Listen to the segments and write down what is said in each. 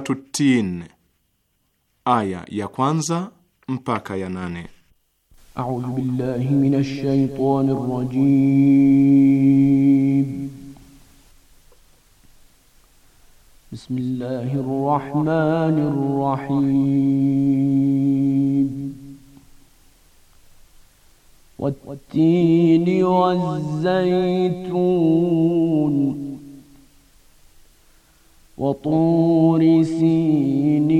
Suratu Tin, aya ya kwanza mpaka ya nane. A'udhu billahi minash shaitani rajim. Bismillahir rahmanir rahim. Wat-tini waz-zaytun وطور سيني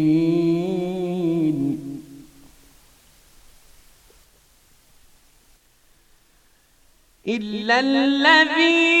الذين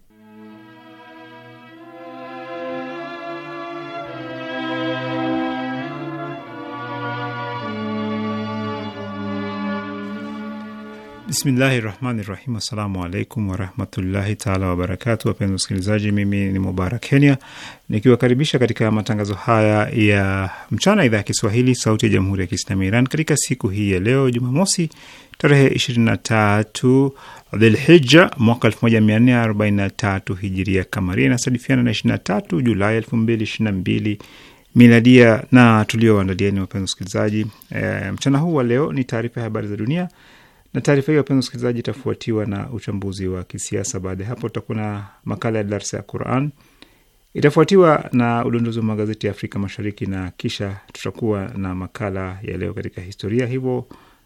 Bismillahi rahmani rahim. Assalamu alaikum warahmatullahi taala wabarakatu. Wapenzi wasikilizaji, mimi ni Mubarak Kenya nikiwakaribisha katika matangazo haya ya mchana, idhaa ya Kiswahili sauti ya jamhuri ya Kiislami ya Iran katika siku hii ya leo Jumamosi tarehe 23 Dhilhija mwaka 1443 hijiria kamaria, inasadifiana na 23 Julai 2022 miladia. Na tulioandalieni wapenzi wasikilizaji, e, mchana huu wa leo ni taarifa ya habari za dunia na taarifa hiyo, wapenzi wasikilizaji, itafuatiwa na uchambuzi wa kisiasa. Baada ya hapo, tutakuwa na makala ya darsa ya Quran, itafuatiwa na udondozi wa magazeti ya Afrika Mashariki na kisha tutakuwa na makala ya leo katika historia. Hivyo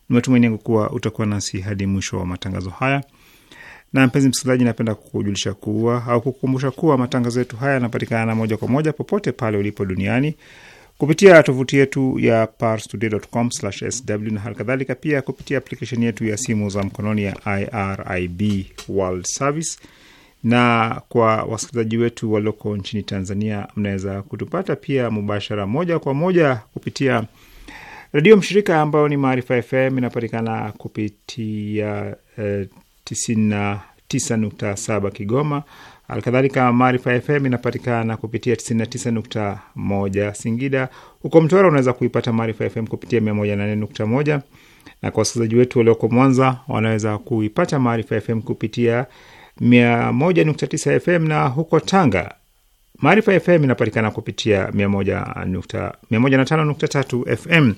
ni matumaini yangu kuwa utakuwa nasi hadi mwisho wa matangazo haya. Na mpenzi msikilizaji, napenda kukujulisha kuwa au kukumbusha kuwa matangazo yetu haya yanapatikana moja kwa moja popote pale ulipo duniani kupitia tovuti yetu ya parstoday.com/sw na hali kadhalika pia kupitia aplikesheni yetu ya simu za mkononi ya IRIB World Service. Na kwa wasikilizaji wetu walioko nchini Tanzania, mnaweza kutupata pia mubashara moja kwa moja kupitia redio mshirika ambayo ni Maarifa FM, inapatikana kupitia eh, 99.7 Kigoma Alkadhalika, Maarifa FM inapatikana kupitia 99.1 Singida. Huko Mtwara unaweza kuipata Maarifa FM kupitia 108.1, na kwa wasikilizaji wetu walioko Mwanza wanaweza kuipata Maarifa FM kupitia 101.9 FM, na huko Tanga Maarifa FM inapatikana kupitia 105.3 FM.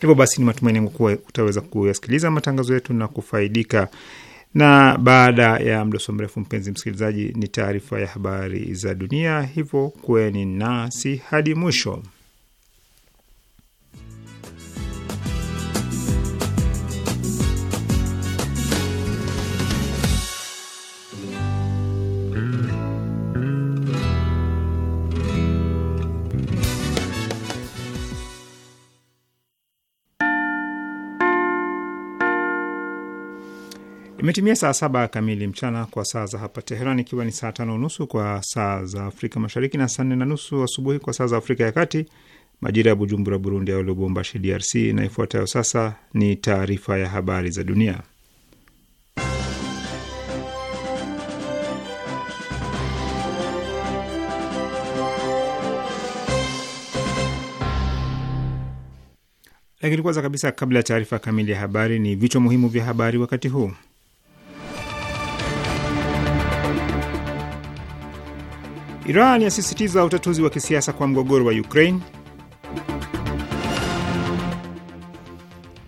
Hivyo basi, ni matumaini yangu kuwa utaweza kuyasikiliza matangazo yetu na kufaidika. Na baada ya mdoso mrefu, mpenzi msikilizaji, ni taarifa ya habari za dunia, hivyo kuweni nasi hadi mwisho. Imetimia saa saba kamili mchana kwa saa za hapa Teheran, ikiwa ni saa tano nusu kwa saa za Afrika Mashariki na saa nne na nusu asubuhi kwa saa za Afrika ya Kati, majira ya Bujumbura, Burundi, au Lubumbashi, DRC. Na ifuatayo sasa ni taarifa ya habari za dunia, lakini kwanza kabisa, kabla ya taarifa kamili ya habari, ni vichwa muhimu vya habari wakati huu. Iran yasisitiza utatuzi wa kisiasa kwa mgogoro wa Ukraine.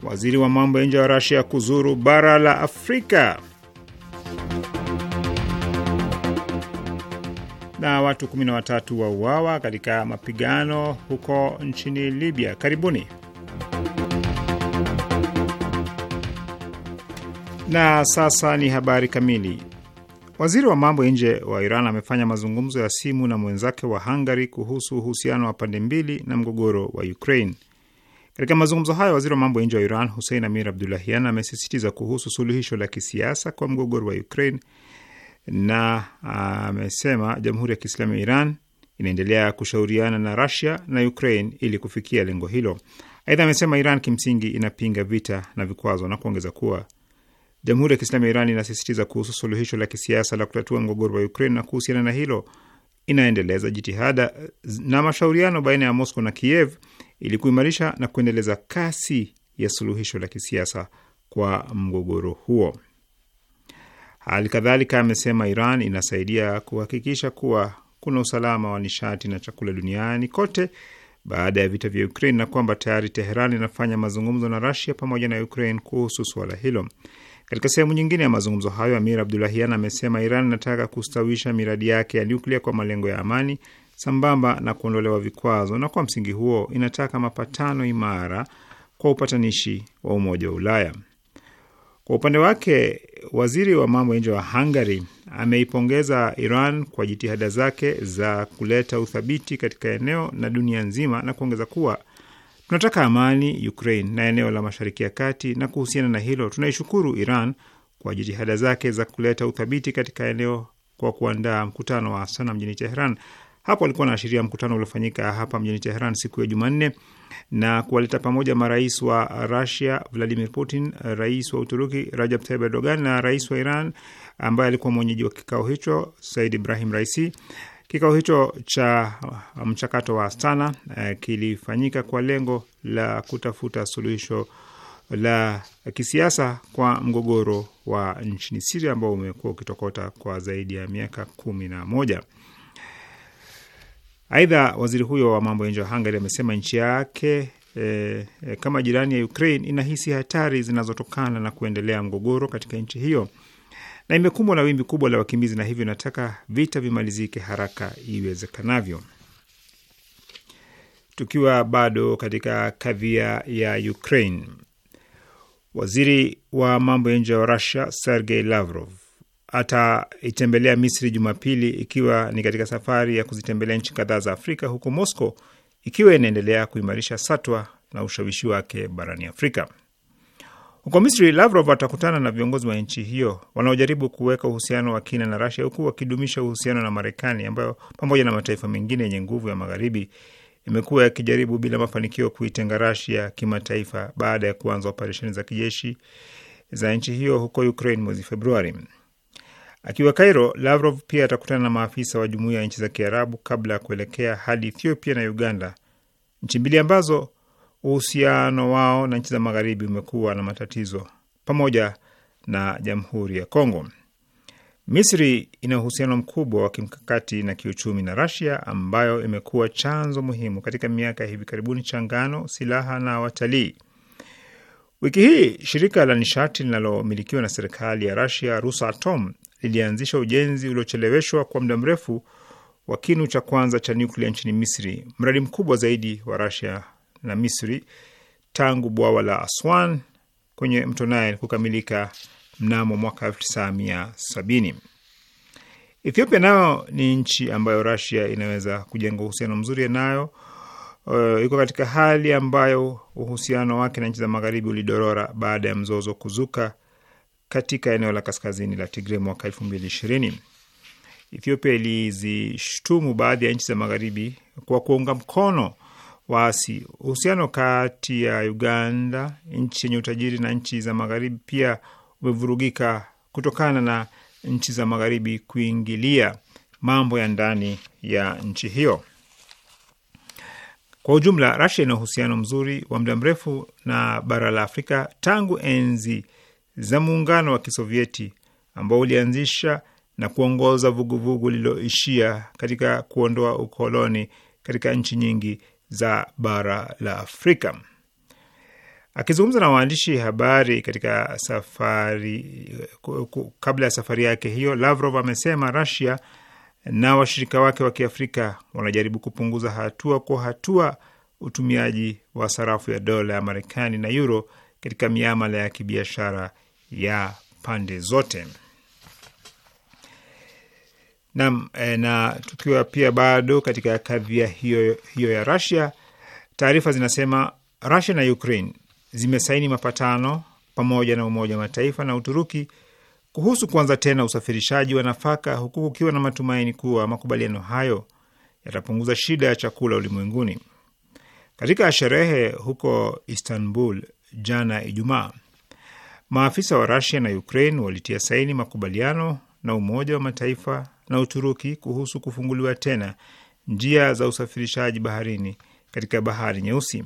Waziri wa mambo ya nje wa Rasia kuzuru bara la Afrika na watu 13 wauawa katika mapigano huko nchini Libya. Karibuni na sasa ni habari kamili. Waziri wa mambo ya nje wa Iran amefanya mazungumzo ya simu na mwenzake wa Hungary kuhusu uhusiano wa pande mbili na mgogoro wa Ukraine. Katika mazungumzo hayo, waziri wa mambo ya nje wa Iran Hussein Amir Abdulahian amesisitiza kuhusu suluhisho la kisiasa kwa mgogoro wa Ukraine na amesema Jamhuri ya Kiislamu ya Iran inaendelea kushauriana na rasia na Ukraine ili kufikia lengo hilo. Aidha amesema Iran kimsingi inapinga vita na vikwazo na kuongeza kuwa Jamhuri ya Kiislamu ya Iran inasisitiza kuhusu suluhisho la kisiasa la kutatua mgogoro wa Ukraine na kuhusiana na hilo inaendeleza jitihada na mashauriano baina ya Moscow na Kiev ili kuimarisha na kuendeleza kasi ya suluhisho la kisiasa kwa mgogoro huo. Hali kadhalika amesema Iran inasaidia kuhakikisha kuwa kuna usalama wa nishati na chakula duniani kote baada ya vita vya Ukraine na kwamba tayari Teheran inafanya mazungumzo na Rasia pamoja na Ukraine kuhusu suala hilo. Katika sehemu nyingine ya mazungumzo hayo, Amir Abdulahian amesema Iran inataka kustawisha miradi yake ya nyuklia kwa malengo ya amani sambamba na kuondolewa vikwazo, na kwa msingi huo inataka mapatano imara kwa upatanishi wa Umoja wa Ulaya. Kwa upande wake, waziri wa mambo ya nje wa Hungary ameipongeza Iran kwa jitihada zake za kuleta uthabiti katika eneo na dunia nzima na kuongeza kuwa Tunataka amani Ukraine na eneo la Mashariki ya Kati, na kuhusiana na hilo tunaishukuru Iran kwa jitihada zake za kuleta uthabiti katika eneo kwa kuandaa mkutano wa Sana mjini Teheran. Hapo alikuwa anaashiria mkutano uliofanyika hapa mjini Teheran siku ya Jumanne na kuwaleta pamoja marais wa rasia Vladimir Putin, rais wa Uturuki Rajab Tayyip Erdogan na rais wa Iran ambaye alikuwa mwenyeji wa kikao hicho Said Ibrahim Raisi. Kikao hicho cha uh, mchakato wa Astana uh, kilifanyika kwa lengo la kutafuta suluhisho la kisiasa kwa mgogoro wa nchini Siria ambao umekuwa ukitokota kwa zaidi ya miaka kumi na moja. Aidha, waziri huyo wa mambo ya nje wa Hungary amesema nchi yake e, e, kama jirani ya Ukraine inahisi hatari zinazotokana na kuendelea mgogoro katika nchi hiyo na imekumbwa na wimbi kubwa la wakimbizi, na hivyo inataka vita vimalizike haraka iwezekanavyo. Tukiwa bado katika kadhia ya Ukraine, waziri wa mambo ya nje wa Rusia Sergei Lavrov ataitembelea Misri Jumapili, ikiwa ni katika safari ya kuzitembelea nchi kadhaa za Afrika, huku Moscow ikiwa inaendelea kuimarisha satwa na ushawishi wake barani Afrika. Huko Misri, Lavrov atakutana na viongozi wa nchi hiyo wanaojaribu kuweka uhusiano wa kina na Rasia, huku wakidumisha uhusiano na Marekani ambayo pamoja na mataifa mengine yenye nguvu ya magharibi imekuwa yakijaribu bila mafanikio kuitenga Rasia kimataifa baada ya kuanza operesheni za kijeshi za nchi hiyo huko Ukraine mwezi Februari. Akiwa Cairo, Lavrov pia atakutana na maafisa wa jumuiya ya nchi za Kiarabu kabla ya kuelekea hadi Ethiopia na Uganda, nchi mbili ambazo uhusiano wao na nchi za magharibi umekuwa na matatizo pamoja na Jamhuri ya Kongo. Misri ina uhusiano mkubwa wa kimkakati na kiuchumi na Rasia, ambayo imekuwa chanzo muhimu katika miaka ya hivi karibuni changano, silaha na watalii. Wiki hii shirika la nishati linalomilikiwa na serikali ya Rasia, Rusatom, lilianzisha ujenzi uliocheleweshwa kwa muda mrefu wa kinu cha kwanza cha nyuklia nchini Misri, mradi mkubwa zaidi wa Rasia na Misri tangu bwawa la Aswan kwenye mto Nile kukamilika mnamo mwaka 1970. Ethiopia nayo ni nchi ambayo Russia inaweza kujenga uhusiano mzuri nayo. Uh, iko katika hali ambayo uhusiano wake na nchi za magharibi ulidorora baada ya mzozo kuzuka katika eneo la kaskazini la Tigray mwaka 2020. Ethiopia ilizishtumu baadhi ya nchi za magharibi kwa kuunga mkono waasi. Uhusiano kati ya Uganda, nchi yenye utajiri, na nchi za magharibi pia umevurugika kutokana na nchi za magharibi kuingilia mambo ya ndani ya nchi hiyo. Kwa ujumla, Rasia ina uhusiano mzuri wa muda mrefu na bara la Afrika tangu enzi za muungano wa Kisovieti ambao ulianzisha na kuongoza vuguvugu lililoishia katika kuondoa ukoloni katika nchi nyingi za bara la Afrika. Akizungumza na waandishi habari katika safari kabla ya safari yake hiyo, Lavrov amesema Russia na washirika wake wa Kiafrika wanajaribu kupunguza hatua kwa hatua utumiaji wa sarafu ya dola ya Marekani na euro katika miamala ya kibiashara ya pande zote. Naam, eh, na tukiwa pia bado katika kadhia hiyo hiyo ya Russia, taarifa zinasema Russia na Ukraine zimesaini mapatano pamoja na Umoja wa Mataifa na Uturuki kuhusu kuanza tena usafirishaji wa nafaka huku kukiwa na matumaini kuwa makubaliano hayo yatapunguza shida ya chakula ulimwenguni. Katika sherehe huko Istanbul jana Ijumaa, maafisa wa Rusia na Ukraine walitia saini makubaliano na Umoja wa Mataifa na Uturuki kuhusu kufunguliwa tena njia za usafirishaji baharini katika bahari Nyeusi.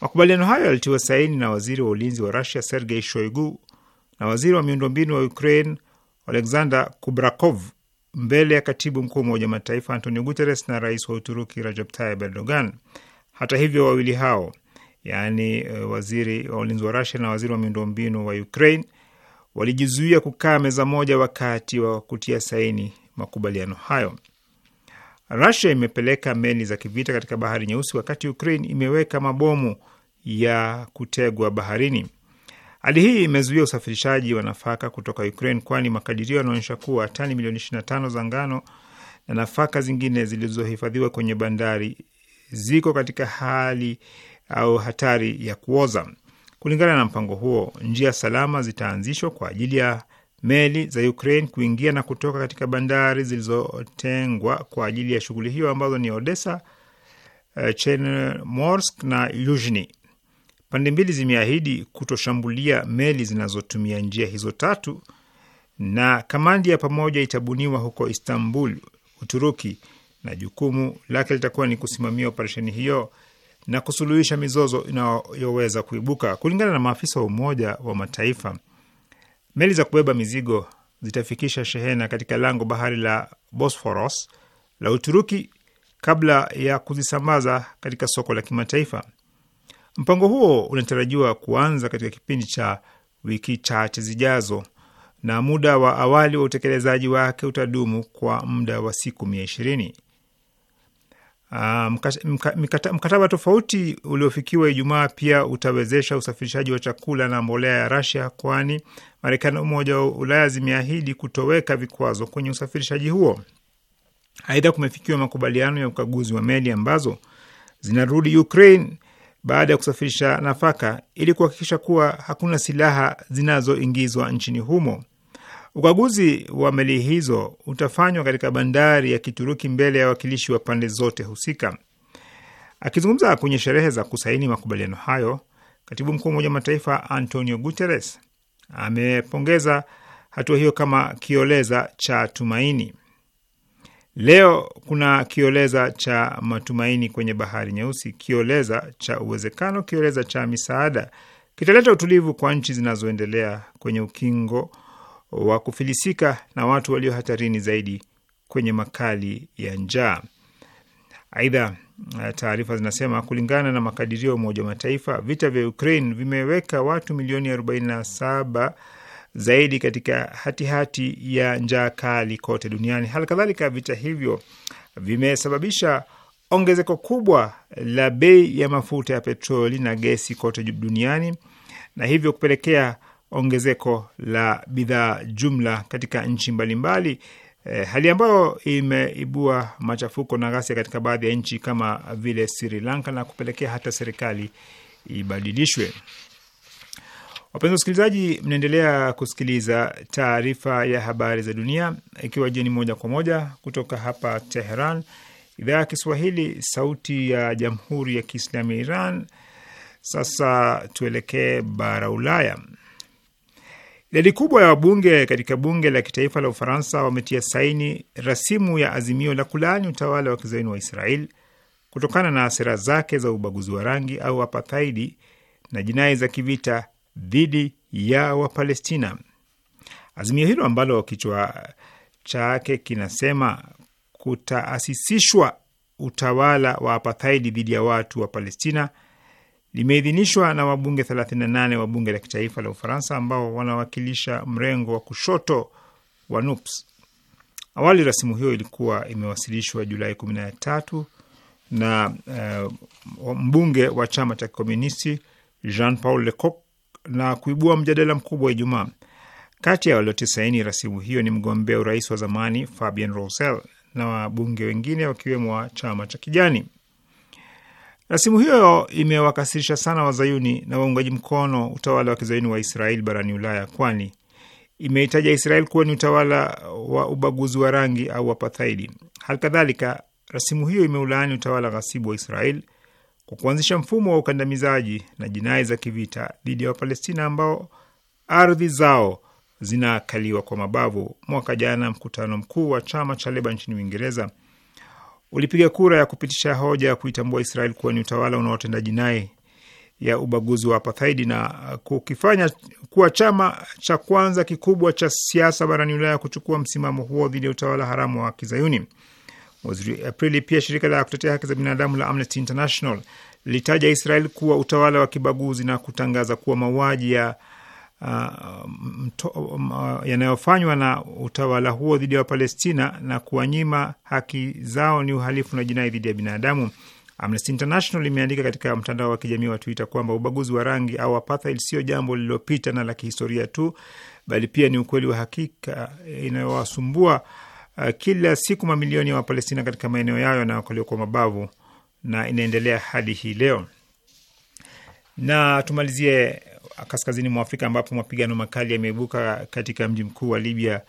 Makubaliano hayo yalitiwa saini na waziri wa ulinzi wa Rusia Sergei Shoigu na waziri wa miundombinu wa Ukraine Alexander Kubrakov mbele ya katibu mkuu wa Umoja wa Mataifa Antonio Guterres na rais wa Uturuki Rajab Tayyip Erdogan. Hata hivyo, wawili hao, yaani eh, waziri wa ulinzi wa Rusia na waziri wa miundombinu wa Ukraine walijizuia kukaa meza moja wakati wa kutia saini makubaliano hayo. Rusia imepeleka meli za kivita katika bahari nyeusi, wakati Ukraine imeweka mabomu ya kutegwa baharini. Hali hii imezuia usafirishaji wa nafaka kutoka Ukraine, kwani makadirio yanaonyesha kuwa tani milioni 25 za ngano na nafaka zingine zilizohifadhiwa kwenye bandari ziko katika hali au hatari ya kuoza. Kulingana na mpango huo, njia salama zitaanzishwa kwa ajili ya meli za Ukraine kuingia na kutoka katika bandari zilizotengwa kwa ajili ya shughuli hiyo ambazo ni Odessa, eh, Chernomorsk na Yuzhny. Pande mbili zimeahidi kutoshambulia meli zinazotumia njia hizo tatu, na kamandi ya pamoja itabuniwa huko Istanbul, Uturuki, na jukumu lake litakuwa ni kusimamia operesheni hiyo na kusuluhisha mizozo inayoweza kuibuka. Kulingana na maafisa wa Umoja wa Mataifa, meli za kubeba mizigo zitafikisha shehena katika lango bahari la Bosforos la Uturuki kabla ya kuzisambaza katika soko la kimataifa. Mpango huo unatarajiwa kuanza katika kipindi cha wiki chache zijazo na muda wa awali wa utekelezaji wake utadumu kwa muda wa siku mia ishirini. Uh, mkataba, tofauti uliofikiwa Ijumaa pia utawezesha usafirishaji wa chakula na mbolea ya Rasia, kwani Marekani na Umoja wa Ulaya zimeahidi kutoweka vikwazo kwenye usafirishaji huo. Aidha, kumefikiwa makubaliano ya ukaguzi wa meli ambazo zinarudi Ukraine baada ya kusafirisha nafaka ili kuhakikisha kuwa hakuna silaha zinazoingizwa nchini humo. Ukaguzi wa meli hizo utafanywa katika bandari ya Kituruki mbele ya wakilishi wa pande zote husika. Akizungumza kwenye sherehe za kusaini makubaliano hayo, katibu mkuu wa Umoja wa Mataifa Antonio Guterres amepongeza hatua hiyo kama kioleza cha tumaini. Leo kuna kioleza cha matumaini kwenye bahari nyeusi, kioleza cha uwezekano, kioleza cha misaada. Kitaleta utulivu kwa nchi zinazoendelea kwenye ukingo wa kufilisika na watu walio hatarini zaidi kwenye makali ya njaa. Aidha, taarifa zinasema kulingana na makadirio ya Umoja wa Mataifa, vita vya Ukraine vimeweka watu milioni 47 zaidi katika hatihati hati ya njaa kali kote duniani. Hali kadhalika, vita hivyo vimesababisha ongezeko kubwa la bei ya mafuta ya petroli na gesi kote duniani na hivyo kupelekea ongezeko la bidhaa jumla katika nchi mbalimbali e, hali ambayo imeibua machafuko na ghasia katika baadhi ya nchi kama vile Sri Lanka na kupelekea hata serikali ibadilishwe. Wapenzi wasikilizaji, mnaendelea kusikiliza taarifa ya habari za dunia ikiwa jeni moja kwa moja kutoka hapa Teheran, idhaa ya Kiswahili, sauti ya jamhuri ya kiislamu ya Iran. Sasa tuelekee bara Ulaya. Idadi kubwa ya wabunge katika bunge la kitaifa la Ufaransa wametia saini rasimu ya azimio la kulaani utawala wa kizaini wa Israel kutokana na sera zake za ubaguzi wa rangi au apathaidi na jinai za kivita dhidi ya Wapalestina. Azimio hilo ambalo kichwa chake kinasema kutaasisishwa utawala wa apathaidi dhidi ya watu wa Palestina limeidhinishwa na wabunge 38 wa bunge la kitaifa la Ufaransa ambao wanawakilisha mrengo wa kushoto wa NUPS. Awali rasimu hiyo ilikuwa imewasilishwa Julai 13 na uh, mbunge wa chama cha kikomunisti Jean Paul Lecoq na kuibua mjadala mkubwa Ijumaa. Kati ya waliotisaini rasimu hiyo ni mgombea urais wa zamani Fabien Roussel na wabunge wengine wakiwemo wa chama cha kijani. Rasimu hiyo imewakasirisha sana wazayuni na waungaji mkono utawala wa kizayuni wa Israeli barani Ulaya, kwani imehitaja israel kuwa ni utawala wa ubaguzi wa rangi au apathaidi. Hali kadhalika, rasimu hiyo imeulaani utawala ghasibu wa israel kwa kuanzisha mfumo wa ukandamizaji na jinai za kivita dhidi ya Wapalestina ambao ardhi zao zinakaliwa kwa mabavu. Mwaka jana, mkutano mkuu wa chama cha Leba nchini Uingereza ulipiga kura ya kupitisha hoja ya kuitambua Israel kuwa ni utawala unaotenda jinai ya ubaguzi wa apartheid na kukifanya kuwa chama cha kwanza kikubwa cha siasa barani Ulaya kuchukua msimamo huo dhidi ya utawala haramu wa Kizayuni. Mwezi Aprili pia shirika la kutetea haki za binadamu la Amnesty International lilitaja Israel kuwa utawala wa kibaguzi na kutangaza kuwa mauaji ya Uh, um, uh, yanayofanywa na utawala huo dhidi ya Wapalestina na kuwanyima haki zao ni uhalifu na jinai dhidi ya binadamu. Amnesty International imeandika katika mtandao wa kijamii wa Twitter kwamba ubaguzi wa rangi au apartheid sio jambo lililopita na la kihistoria tu, bali pia ni ukweli wa hakika inayowasumbua uh, kila siku mamilioni ya wa Wapalestina katika maeneo yao yanayokaliwa kwa mabavu na inaendelea hadi hii leo. Na tumalizie kaskazini mwa Afrika ambapo mapigano makali yameibuka katika mji mkuu wa Libya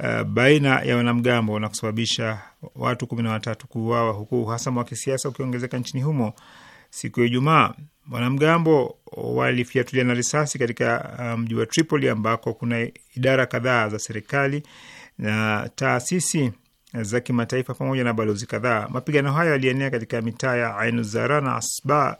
uh, baina ya wanamgambo na kusababisha watu kumi na watatu kuuawa huku uhasama wa kisiasa ukiongezeka nchini humo. Siku ya Ijumaa wanamgambo na risasi katika uh, mji um, wa Tripoli ambako kuna idara kadhaa za serikali na taasisi za kimataifa pamoja na balozi kadhaa. Mapigano hayo yalienea katika mitaa ya Ain Zara na Asba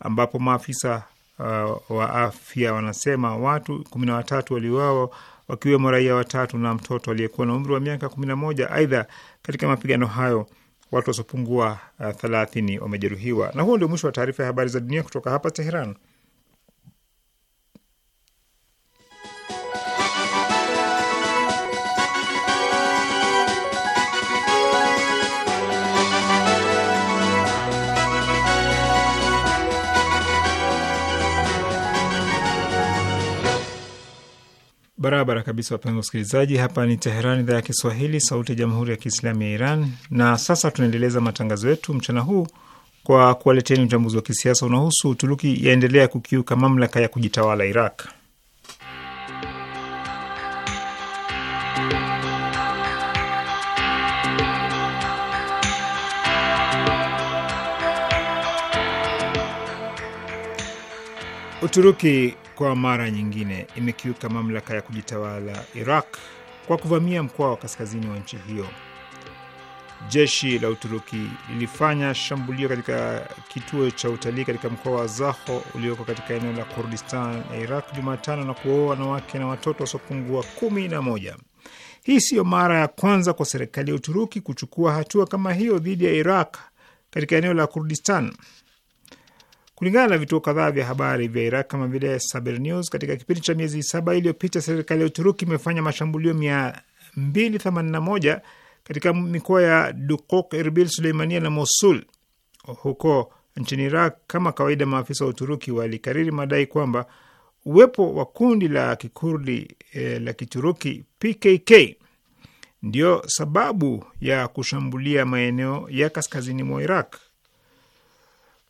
ambapo maafisa Uh, wa afya wanasema watu kumi na watatu waliuawa wakiwemo raia watatu na mtoto aliyekuwa na umri wa miaka kumi na moja. Aidha, katika mapigano hayo watu wasiopungua uh, thelathini wamejeruhiwa. Na huo ndio mwisho wa taarifa ya habari za dunia kutoka hapa Teheran. Barabara kabisa, wapenzi wasikilizaji, hapa ni Teheran, idhaa ya Kiswahili, sauti ya jamhuri ya kiislamu ya Iran. Na sasa tunaendeleza matangazo yetu mchana huu kwa kuwaleteni uchambuzi wa kisiasa unahusu Uturuki yaendelea kukiuka mamlaka ya kujitawala Iraq. Uturuki kwa mara nyingine imekiuka mamlaka ya kujitawala Iraq kwa kuvamia mkoa wa kaskazini wa nchi hiyo. Jeshi la Uturuki lilifanya shambulio katika kituo cha utalii katika mkoa wa Zaho ulioko katika eneo la Kurdistan ya Iraq Jumatano na kuwaua wanawake na watoto wasiopungua kumi na moja. Hii siyo mara ya kwanza kwa serikali ya Uturuki kuchukua hatua kama hiyo dhidi ya Iraq katika eneo la Kurdistan. Kulingana na vituo kadhaa vya habari vya Iraq kama vile Saber News, katika kipindi cha miezi saba iliyopita serikali ya Uturuki imefanya mashambulio 281 katika mikoa ya Dukok, Erbil, Suleimania na Mosul huko nchini Iraq. Kama kawaida, maafisa wa Uturuki walikariri madai kwamba uwepo wa kundi la kikurdi eh, la Kituruki PKK ndio sababu ya kushambulia maeneo ya kaskazini mwa Iraq.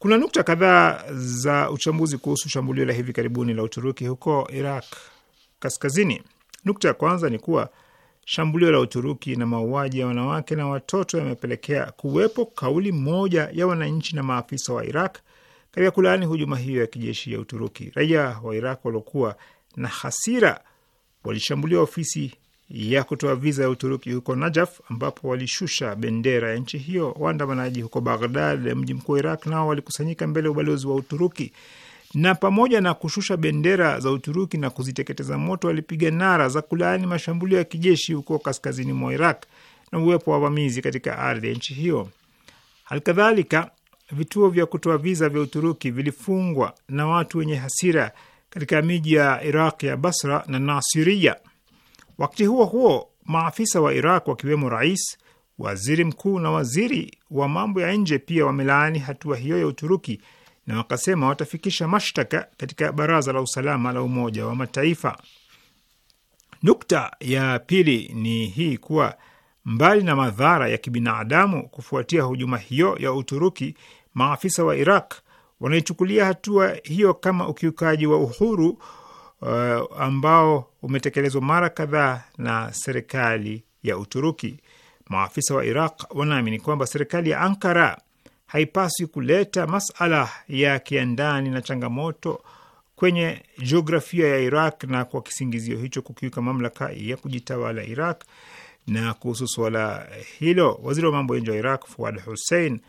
Kuna nukta kadhaa za uchambuzi kuhusu shambulio la hivi karibuni la Uturuki huko Iraq kaskazini. Nukta ya kwanza ni kuwa shambulio la Uturuki na mauaji ya wanawake na watoto yamepelekea kuwepo kauli moja ya wananchi na maafisa wa Iraq katika kulaani hujuma hiyo ya kijeshi ya Uturuki. Raia wa Iraq waliokuwa na hasira walishambulia ofisi ya kutoa viza ya Uturuki huko Najaf, ambapo walishusha bendera ya nchi hiyo. Waandamanaji huko Baghdad, mji mkuu wa Iraq, nao walikusanyika mbele ya ubalozi wa Uturuki na pamoja na kushusha bendera za Uturuki na kuziteketeza moto, walipiga nara za kulaani mashambulio ya kijeshi huko kaskazini mwa Iraq na uwepo wa wavamizi katika ardhi ya nchi hiyo. Halikadhalika, vituo vya kutoa viza vya Uturuki vilifungwa na watu wenye hasira katika miji ya Iraq ya Basra na Nasiria. Wakati huo huo, maafisa wa Iraq wakiwemo rais, waziri mkuu na waziri wa mambo ya nje pia wamelaani hatua hiyo ya Uturuki na wakasema watafikisha mashtaka katika Baraza la Usalama la Umoja wa Mataifa. Nukta ya pili ni hii kuwa mbali na madhara ya kibinadamu kufuatia hujuma hiyo ya Uturuki, maafisa wa Iraq wanaichukulia hatua hiyo kama ukiukaji wa uhuru uh, ambao umetekelezwa mara kadhaa na serikali ya Uturuki. Maafisa wa Iraq wanaamini kwamba serikali ya Ankara haipaswi kuleta masala ya kiandani na changamoto kwenye jiografia ya Iraq na kwa kisingizio hicho kukiuka mamlaka ya kujitawala Iraq. Na kuhusu suala hilo, waziri wa mambo ya nje wa Iraq Fuad Hussein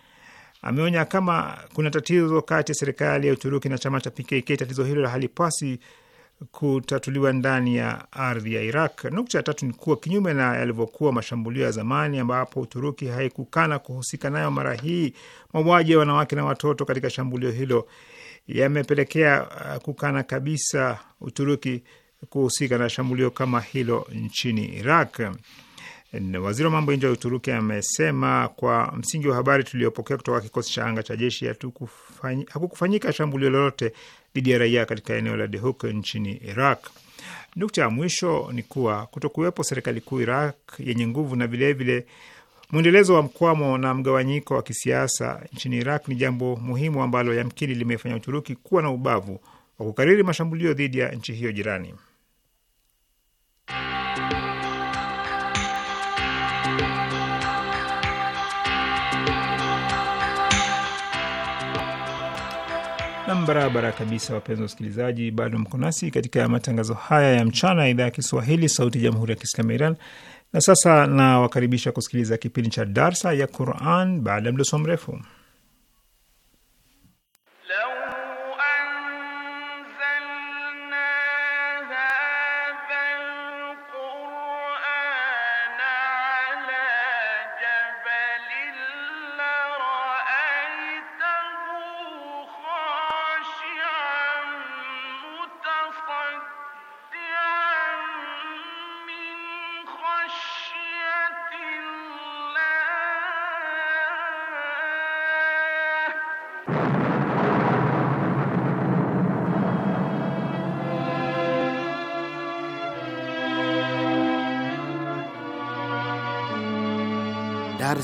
ameonya kama kuna tatizo kati ya serikali ya Uturuki na chama cha PKK, tatizo hilo la halipasi kutatuliwa ndani ya ardhi ya Iraq. Nukta ya tatu ni kuwa kinyume na yalivyokuwa mashambulio ya zamani, ambapo Uturuki haikukana kuhusika nayo, mara hii mauaji ya wanawake na watoto katika shambulio hilo yamepelekea uh, kukana kabisa Uturuki kuhusika na shambulio kama hilo nchini Iraq. Waziri wa mambo ya nje wa Uturuki amesema kwa msingi wa habari tuliopokea kutoka kikosi cha anga cha jeshi hakukufanyika shambulio lolote dhidi ya raia katika eneo la Dehuk nchini Iraq. Nukta ya mwisho ni kuwa kutokuwepo serikali kuu Iraq yenye nguvu na vilevile mwendelezo wa mkwamo na mgawanyiko wa kisiasa nchini Iraq ni jambo muhimu ambalo yamkini limefanya Uturuki kuwa na ubavu wa kukariri mashambulio dhidi ya nchi hiyo jirani. na mbarabara kabisa. Wapenzi wasikilizaji, bado mko nasi katika matangazo haya ya mchana ya idhaa ya Kiswahili sauti ya jamhuri ya kiislamu ya Iran. Na sasa nawakaribisha kusikiliza kipindi cha darsa ya Quran baada ya mdoso mrefu.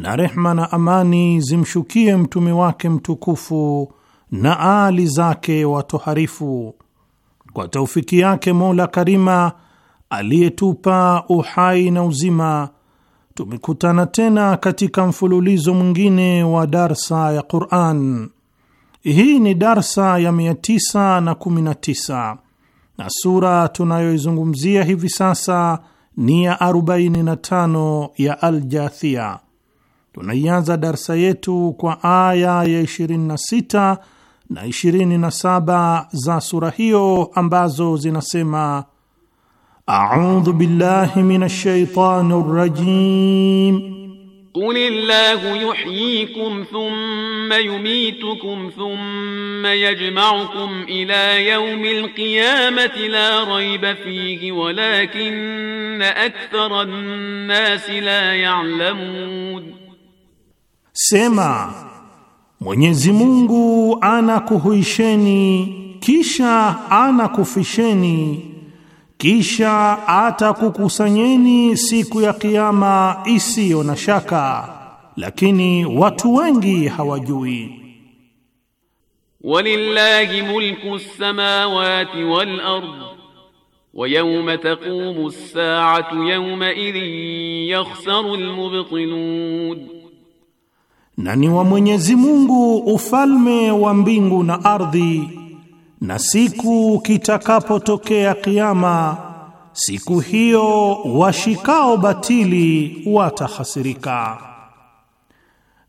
na rehma na amani zimshukie mtume wake mtukufu na aali zake watoharifu. Kwa taufiki yake Mola Karima aliyetupa uhai na uzima, tumekutana tena katika mfululizo mwingine wa darsa ya Quran. Hii ni darsa ya 919 na sura tunayoizungumzia hivi sasa ni ya 45 ya Aljathia. Tunaianza darsa yetu kwa aya ya 26 na 27 za sura hiyo ambazo zinasema: audhu billahi minash shaitani rajim Qul illahu yuhyikum thumma yumitukum thumma yajma'ukum ila yawmil qiyamati la rayba fihi walakinna akthara an-nasi la ya'lamun Sema, Mwenyezi Mungu anakuhuisheni kisha anakufisheni kisha atakukusanyeni siku ya kiyama isiyo na shaka, lakini watu wengi hawajui. Walillahi mulku samawati wal ardh wa yawma taqumu as-sa'atu yawma idhin yakhsaru al-mubtilun na ni wa Mwenyezi Mungu ufalme wa mbingu na ardhi, na siku kitakapotokea Kiyama, siku hiyo washikao batili watahasirika.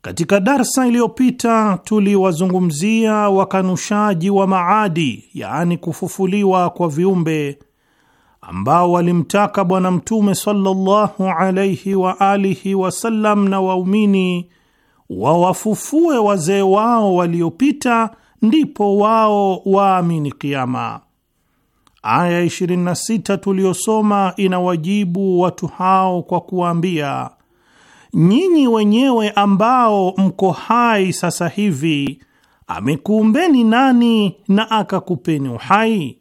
Katika darsa iliyopita tuliwazungumzia wakanushaji wa maadi, yaani kufufuliwa kwa viumbe, ambao walimtaka Bwana Mtume sallallahu alayhi wa alihi wasallam na waumini wawafufue wazee wao waliopita, ndipo wao waamini kiama. Aya 26 tuliyosoma inawajibu watu hao kwa kuwaambia, nyinyi wenyewe ambao mko hai sasa hivi, amekuumbeni nani na akakupeni uhai?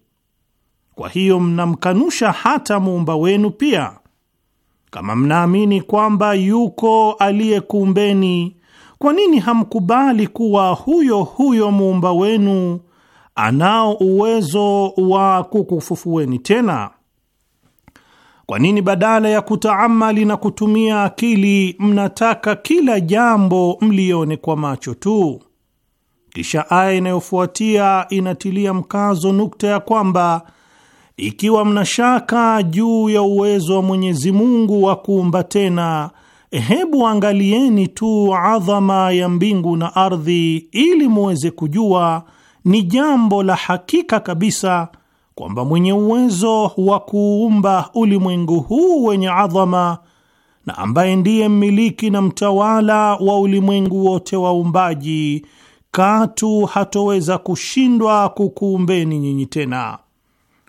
Kwa hiyo mnamkanusha hata muumba wenu pia. Kama mnaamini kwamba yuko aliyekuumbeni kwa nini hamkubali kuwa huyo huyo muumba wenu anao uwezo wa kukufufueni tena? Kwa nini badala ya kutaamali na kutumia akili mnataka kila jambo mlione kwa macho tu? Kisha aya inayofuatia inatilia mkazo nukta ya kwamba ikiwa mnashaka juu ya uwezo wa Mwenyezi Mungu wa kuumba tena hebu angalieni tu adhama ya mbingu na ardhi, ili muweze kujua ni jambo la hakika kabisa kwamba mwenye uwezo wa kuumba ulimwengu huu wenye adhama na ambaye ndiye mmiliki na mtawala wa ulimwengu wote wa uumbaji, katu hatoweza kushindwa kukuumbeni nyinyi tena.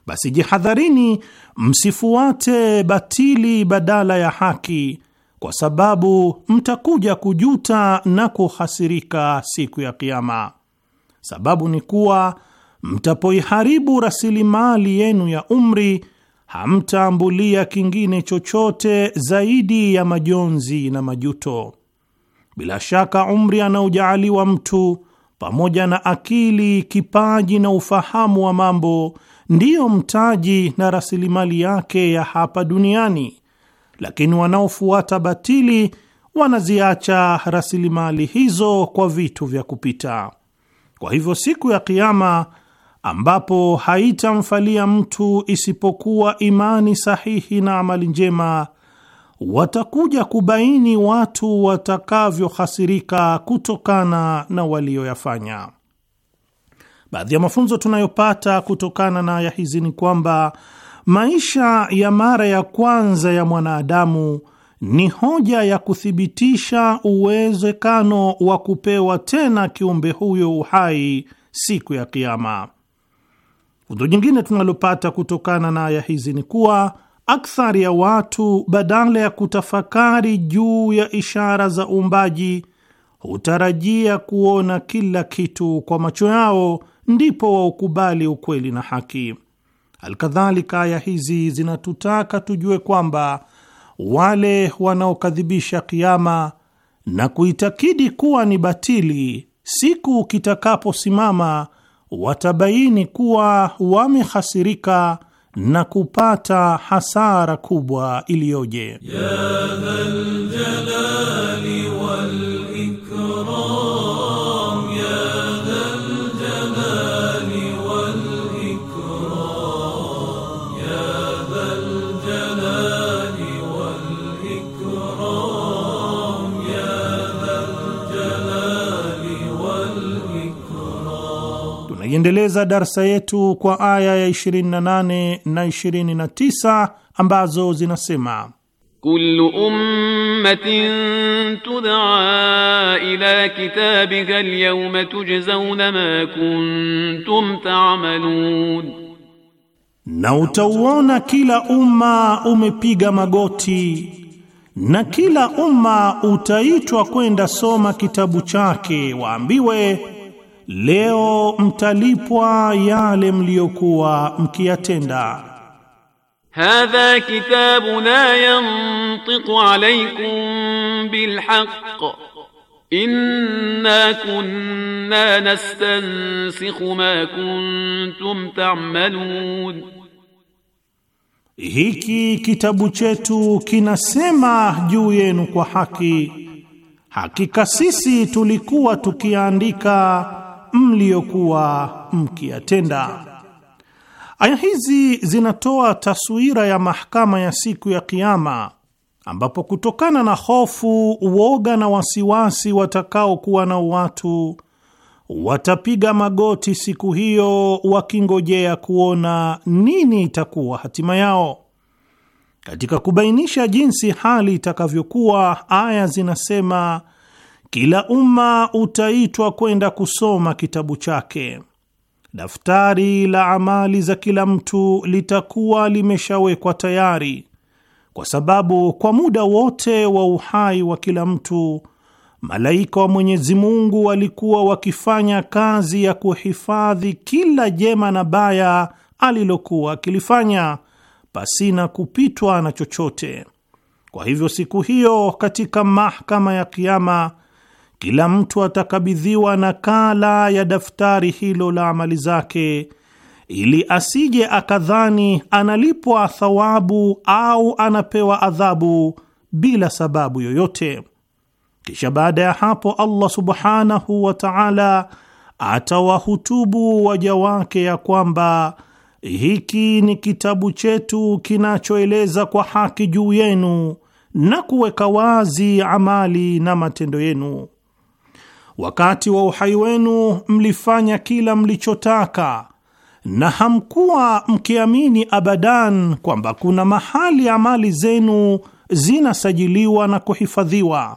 Basi jihadharini, msifuate batili badala ya haki kwa sababu mtakuja kujuta na kuhasirika siku ya Kiama. Sababu ni kuwa mtapoiharibu rasilimali yenu ya umri, hamtaambulia kingine chochote zaidi ya majonzi na majuto. Bila shaka umri anaojaaliwa mtu pamoja na akili, kipaji na ufahamu wa mambo ndiyo mtaji na rasilimali yake ya hapa duniani lakini wanaofuata batili wanaziacha rasilimali hizo kwa vitu vya kupita. Kwa hivyo siku ya Kiama, ambapo haitamfalia mtu isipokuwa imani sahihi na amali njema, watakuja kubaini watu watakavyohasirika kutokana na walioyafanya. Baadhi ya mafunzo tunayopata kutokana na aya hizi ni kwamba Maisha ya mara ya kwanza ya mwanadamu ni hoja ya kuthibitisha uwezekano wa kupewa tena kiumbe huyo uhai siku ya Kiama. Funzo jingine tunalopata kutokana na aya hizi ni kuwa akthari ya watu badala ya kutafakari juu ya ishara za uumbaji hutarajia kuona kila kitu kwa macho yao ndipo waukubali ukweli na haki. Alkadhalika, aya hizi zinatutaka tujue kwamba wale wanaokadhibisha kiama na kuitakidi kuwa ni batili, siku kitakaposimama watabaini kuwa wamehasirika na kupata hasara kubwa iliyoje. ya Tunaiendeleza darsa yetu kwa aya ya 28 na 29 ambazo zinasema: kullu ummatin tud'a ila kitabika al-yawma tujzauna ma kuntum ta'malun, na utauona kila umma umepiga magoti na kila umma utaitwa kwenda soma kitabu chake, waambiwe Leo mtalipwa yale mliyokuwa mkiyatenda. Hadha kitabuna yantiqu alaykum bilhaq inna kunna nastansikhu ma kuntum ta'malun, hiki kitabu chetu kinasema juu yenu kwa haki, hakika sisi tulikuwa tukiandika mliyokuwa mkiyatenda. Aya hizi zinatoa taswira ya mahakama ya siku ya Kiama, ambapo kutokana na hofu, uoga na wasiwasi watakaokuwa na watu watapiga magoti siku hiyo wakingojea kuona nini itakuwa hatima yao. Katika kubainisha jinsi hali itakavyokuwa, aya zinasema kila umma utaitwa kwenda kusoma kitabu chake. Daftari la amali za kila mtu litakuwa limeshawekwa tayari, kwa sababu kwa muda wote wa uhai wa kila mtu malaika wa Mwenyezi Mungu walikuwa wakifanya kazi ya kuhifadhi kila jema na baya alilokuwa akilifanya, pasina kupitwa na chochote. Kwa hivyo, siku hiyo katika mahakama ya Kiama kila mtu atakabidhiwa nakala ya daftari hilo la amali zake, ili asije akadhani analipwa thawabu au anapewa adhabu bila sababu yoyote. Kisha baada ya hapo, Allah subhanahu wa ta'ala atawahutubu waja wake ya kwamba hiki ni kitabu chetu kinachoeleza kwa haki juu yenu na kuweka wazi amali na matendo yenu. Wakati wa uhai wenu mlifanya kila mlichotaka na hamkuwa mkiamini abadan kwamba kuna mahali amali zenu zinasajiliwa na kuhifadhiwa,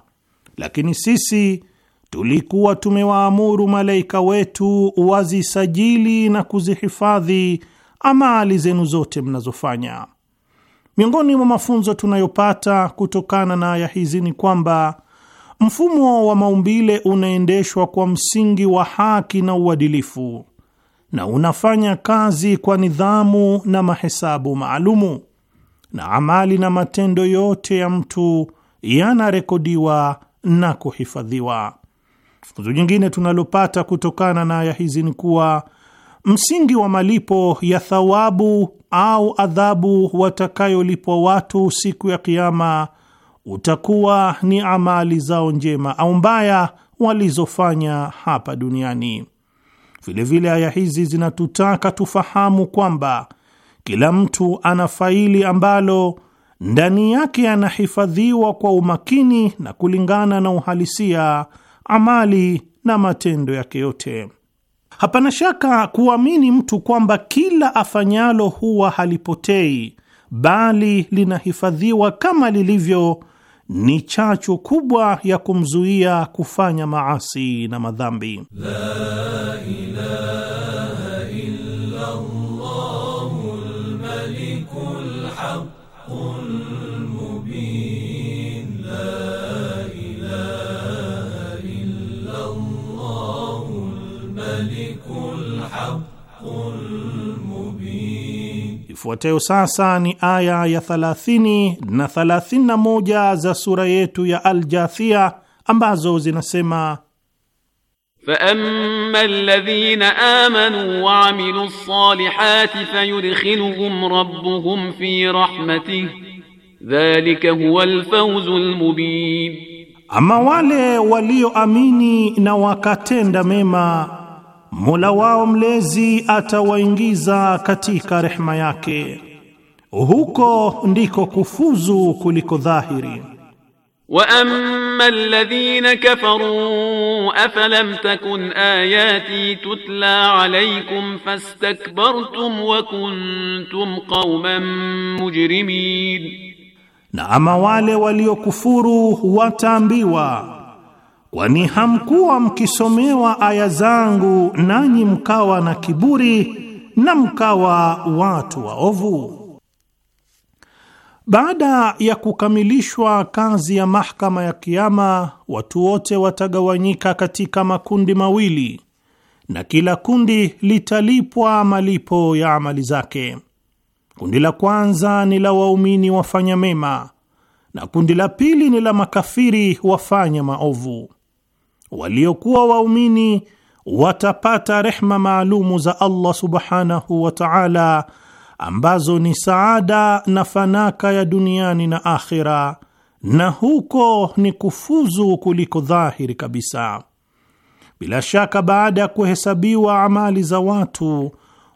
lakini sisi tulikuwa tumewaamuru malaika wetu wazisajili na kuzihifadhi amali zenu zote mnazofanya. Miongoni mwa mafunzo tunayopata kutokana na aya hizi ni kwamba Mfumo wa maumbile unaendeshwa kwa msingi wa haki na uadilifu na unafanya kazi kwa nidhamu na mahesabu maalumu, na amali na matendo yote ya mtu yanarekodiwa na kuhifadhiwa. Funzo jingine tunalopata kutokana na aya hizi ni kuwa msingi wa malipo ya thawabu au adhabu watakayolipwa watu siku ya Kiama utakuwa ni amali zao njema au mbaya walizofanya hapa duniani. Vilevile aya hizi zinatutaka tufahamu kwamba kila mtu ana faili ambalo ndani yake anahifadhiwa kwa umakini na kulingana na uhalisia amali na matendo yake yote. Hapana shaka kuamini mtu kwamba kila afanyalo huwa halipotei, bali linahifadhiwa kama lilivyo ni chachu kubwa ya kumzuia kufanya maasi na madhambi la ilaha Ifuatayo sasa ni aya ya 30 na 31 za sura yetu ya Aljathia ambazo zinasema Faama alladhina amanu wa amilu ssalihati fayudkhiluhum rabbuhum fi rahmatihi dhalika huwa alfawzul mubin, ama wale walioamini na wakatenda mema Mola wao mlezi atawaingiza katika rehema yake, huko ndiko kufuzu kuliko dhahiri. Wa amma alladhina kafaru afalam takun ayati tutla alaykum fastakbartum wa kuntum qauman mujrimin, na ama wale waliokufuru wataambiwa kwani hamkuwa mkisomewa aya zangu nanyi mkawa na kiburi na mkawa watu waovu. Baada ya kukamilishwa kazi ya mahakama ya Kiama, watu wote watagawanyika katika makundi mawili, na kila kundi litalipwa malipo ya amali zake. Kundi la kwanza ni la waumini wafanya mema na kundi la pili ni la makafiri wafanya maovu waliokuwa waumini watapata rehma maalumu za Allah subhanahu wa ta'ala, ambazo ni saada na fanaka ya duniani na akhira, na huko ni kufuzu kuliko dhahiri kabisa. Bila shaka baada ya kuhesabiwa amali za watu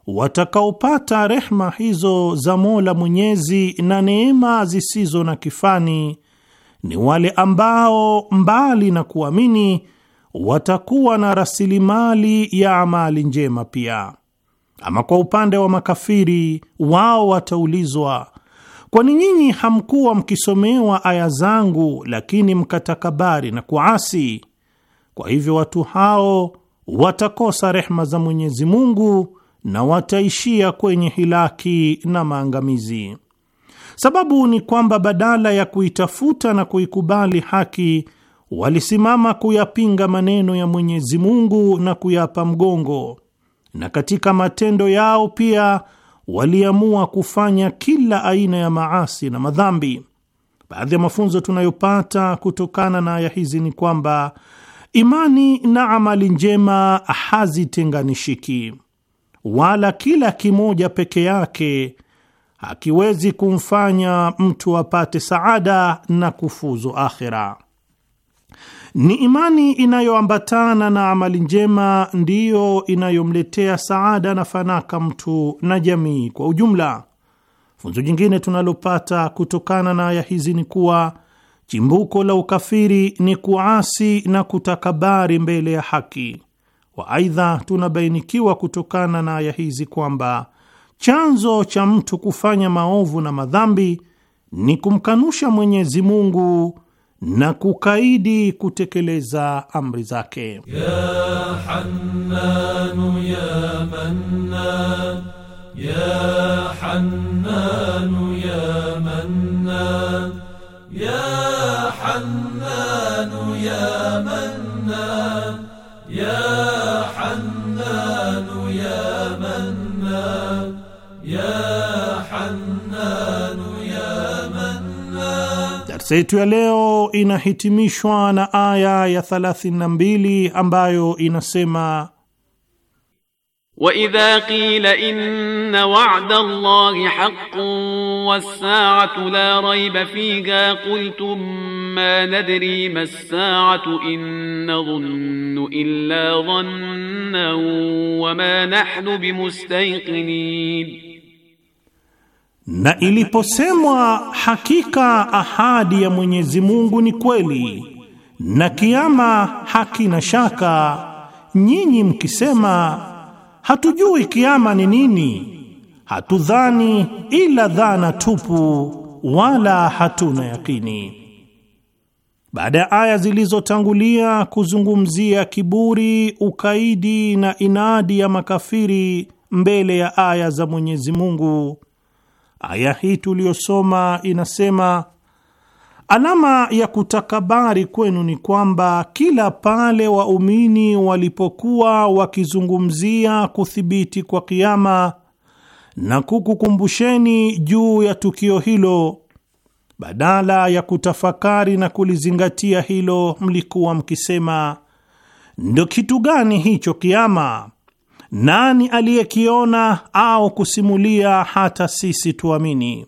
watakaopata rehma hizo za Mola Mwenyezi na neema zisizo na kifani ni wale ambao mbali na kuamini watakuwa na rasilimali ya amali njema pia. Ama kwa upande wa makafiri, wao wataulizwa, kwani nyinyi hamkuwa mkisomewa aya zangu, lakini mkatakabari na kuasi? Kwa hivyo watu hao watakosa rehma za Mwenyezi Mungu na wataishia kwenye hilaki na maangamizi. Sababu ni kwamba badala ya kuitafuta na kuikubali haki walisimama kuyapinga maneno ya Mwenyezi Mungu na kuyapa mgongo, na katika matendo yao pia waliamua kufanya kila aina ya maasi na madhambi. Baadhi ya mafunzo tunayopata kutokana na aya hizi ni kwamba imani na amali njema hazitenganishiki, wala kila kimoja peke yake hakiwezi kumfanya mtu apate saada na kufuzu akhira. Ni imani inayoambatana na amali njema ndiyo inayomletea saada na fanaka mtu na jamii kwa ujumla. Funzo jingine tunalopata kutokana na aya hizi ni kuwa chimbuko la ukafiri ni kuasi na kutakabari mbele ya haki wa. Aidha, tunabainikiwa kutokana na aya hizi kwamba chanzo cha mtu kufanya maovu na madhambi ni kumkanusha Mwenyezi Mungu na kukaidi kutekeleza amri zake. Ya Hannanu ya Mannan, ya Hannanu ya Mannan, ya Hannanu ya Mannan, ya Hannanu ya Mannan, ya Darsa yetu ya leo inahitimishwa na aya ya 32 ambayo inasema وإذا قيل إن وعد الله حق والساعة لا ريب فيها قلتم ما ندري ما الساعة إن نظن إلا ظنا وما نحن بمستيقنين Na iliposemwa hakika ahadi ya Mwenyezi Mungu ni kweli na kiama hakina shaka, nyinyi mkisema hatujui kiama ni nini, hatudhani ila dhana tupu, wala hatuna yakini. Baada ya aya zilizotangulia kuzungumzia kiburi, ukaidi na inadi ya makafiri mbele ya aya za Mwenyezi Mungu Aya hii tuliyosoma inasema alama ya kutakabari kwenu ni kwamba kila pale waumini walipokuwa wakizungumzia kuthibiti kwa kiama na kukukumbusheni juu ya tukio hilo, badala ya kutafakari na kulizingatia hilo, mlikuwa mkisema, ndo kitu gani hicho kiama? Nani aliyekiona au kusimulia hata sisi tuamini?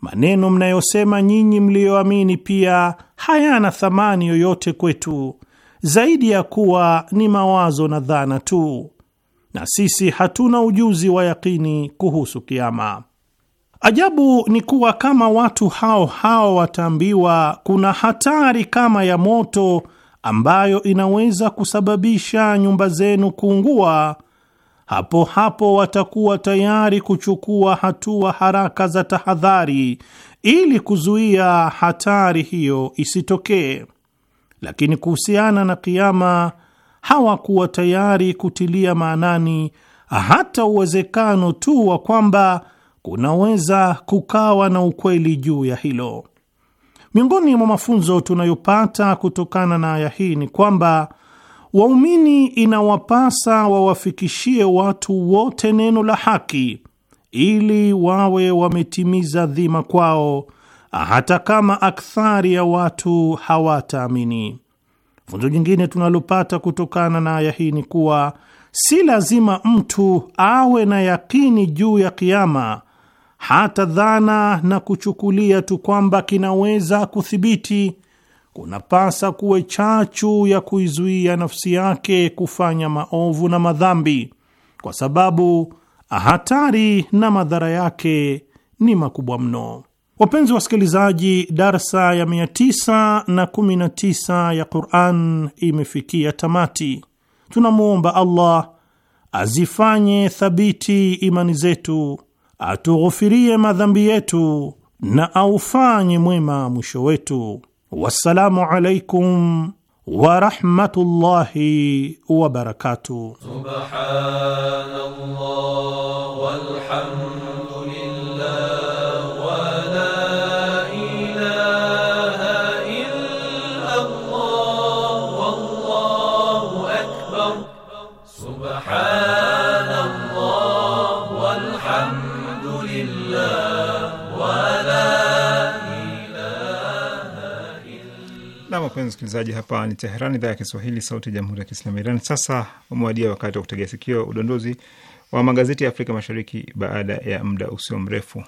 Maneno mnayosema nyinyi mliyoamini pia hayana thamani yoyote kwetu zaidi ya kuwa ni mawazo na dhana tu, na sisi hatuna ujuzi wa yakini kuhusu kiama. Ajabu ni kuwa kama watu hao hao wataambiwa kuna hatari kama ya moto ambayo inaweza kusababisha nyumba zenu kuungua, hapo hapo watakuwa tayari kuchukua hatua haraka za tahadhari ili kuzuia hatari hiyo isitokee. Lakini kuhusiana na kiama, hawakuwa tayari kutilia maanani hata uwezekano tu wa kwamba kunaweza kukawa na ukweli juu ya hilo. Miongoni mwa mafunzo tunayopata kutokana na aya hii ni kwamba waumini inawapasa wawafikishie watu wote neno la haki ili wawe wametimiza dhima kwao, hata kama akthari ya watu hawataamini. Funzo jingine tunalopata kutokana na aya hii ni kuwa si lazima mtu awe na yakini juu ya kiama hata dhana na kuchukulia tu kwamba kinaweza kuthibiti, kunapasa kuwe chachu ya kuizuia nafsi yake kufanya maovu na madhambi, kwa sababu hatari na madhara yake ni makubwa mno. Wapenzi wasikilizaji, darsa ya 919 ya Quran imefikia tamati. Tunamwomba Allah azifanye thabiti imani zetu atughufirie madhambi yetu na aufanye mwema mwisho wetu. Wassalamu alaikum warahmatullahi wabarakatuh. Subhanallah. wapenzi wasikilizaji, hapa ni Teheran, idhaa ya Kiswahili, sauti ya jamhuri ya kiislamu ya Iran. Sasa umewadia wakati wa kutegea sikio udondozi wa magazeti ya Afrika Mashariki baada ya muda usio mrefu.